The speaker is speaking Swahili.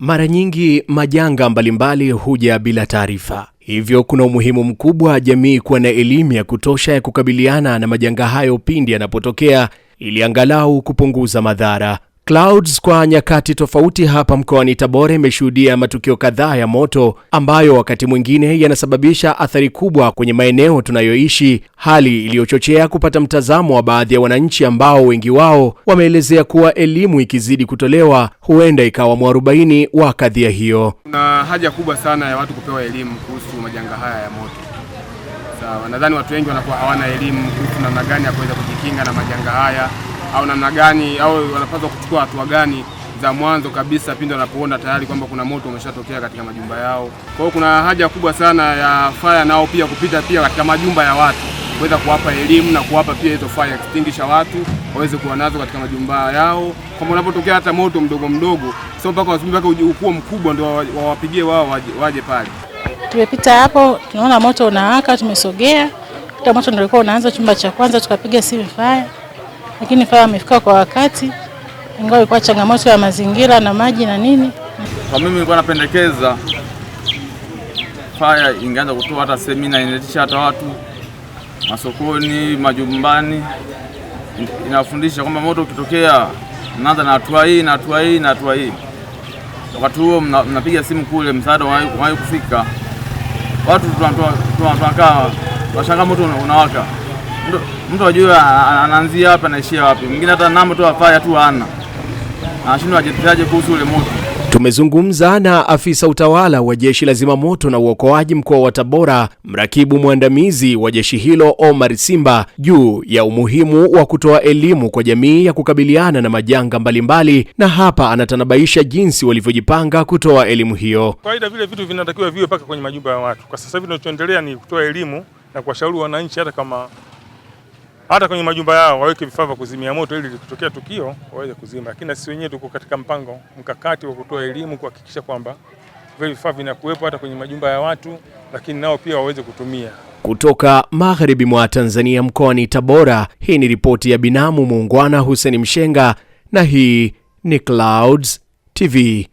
Mara nyingi majanga mbalimbali huja bila taarifa, hivyo kuna umuhimu mkubwa jamii kuwa na elimu ya kutosha ya kukabiliana na majanga hayo pindi yanapotokea, ili angalau kupunguza madhara. Clouds kwa nyakati tofauti hapa mkoani Tabora imeshuhudia matukio kadhaa ya moto ambayo wakati mwingine yanasababisha athari kubwa kwenye maeneo tunayoishi, hali iliyochochea kupata mtazamo wa baadhi ya wananchi ambao wengi wao wameelezea kuwa elimu ikizidi kutolewa huenda ikawa mwarobaini wa kadhia hiyo. Kuna haja kubwa sana ya watu kupewa elimu kuhusu majanga haya ya moto. Sawa, nadhani watu wengi wanakuwa hawana elimu kuhusu namna gani ya kuweza kujikinga na majanga haya au namna gani au wanapaswa kuchukua hatua gani za mwanzo kabisa pindi wanapoona tayari kwamba kuna moto umeshatokea katika majumba yao. Kwa hiyo kuna haja kubwa sana ya faya nao pia kupita pia katika majumba ya watu kuweza kuwapa elimu na kuwapa pia hizo fire extinguisher watu waweze kuwa nazo katika majumba yao, kwamba unapotokea hata moto mdogo mdogo, sio mpaka wasubiri mpaka ukuo mkubwa ndio wawapigie wao waje, waje pale. Tumepita hapo, tunaona moto unawaka, tumesogea, kuta moto ndio ulikuwa unaanza chumba cha kwanza, tukapiga simu fire lakini kawa amefika kwa wakati, ingawa ilikuwa changamoto ya mazingira na maji na nini. Kwa mimi nilikuwa napendekeza faya ingeanza kutoa hata semina, inaitisha hata watu masokoni, majumbani, inafundisha kwamba moto ukitokea mnaanza na hatua hii na hatua hii na hatua hii. Wakati huo mnapiga simu kule, msaada wai kufika, watu tunakaa tunashangaa moto unawaka mtu ajue anaanzia wapi anaishia wapi. Mwingine hata namba tu afaya tu ana anashindwa ajiteteaje kuhusu ule moto. Tumezungumza na afisa utawala wa jeshi la zimamoto na uokoaji mkoa wa Tabora, mrakibu mwandamizi wa jeshi hilo Omar Simba, juu ya umuhimu wa kutoa elimu kwa jamii ya kukabiliana na majanga mbalimbali, na hapa anatanabaisha jinsi walivyojipanga kutoa elimu hiyo. Kawaida vile vitu vinatakiwa viwe mpaka kwenye majumba ya watu. Kwa sasa hivi tunachoendelea ni kutoa elimu na kuwashauri wananchi, hata kama hata kwenye majumba yao waweke vifaa vya kuzimia moto ili likitokea tukio waweze kuzima. Lakini sisi wenyewe tuko katika mpango mkakati wa kutoa elimu kuhakikisha kwamba vile vifaa vinakuwepo hata kwenye majumba ya watu, lakini nao pia waweze kutumia. Kutoka magharibi mwa Tanzania mkoani Tabora, hii ni ripoti ya binamu muungwana Hussein Mshenga, na hii ni Clouds TV.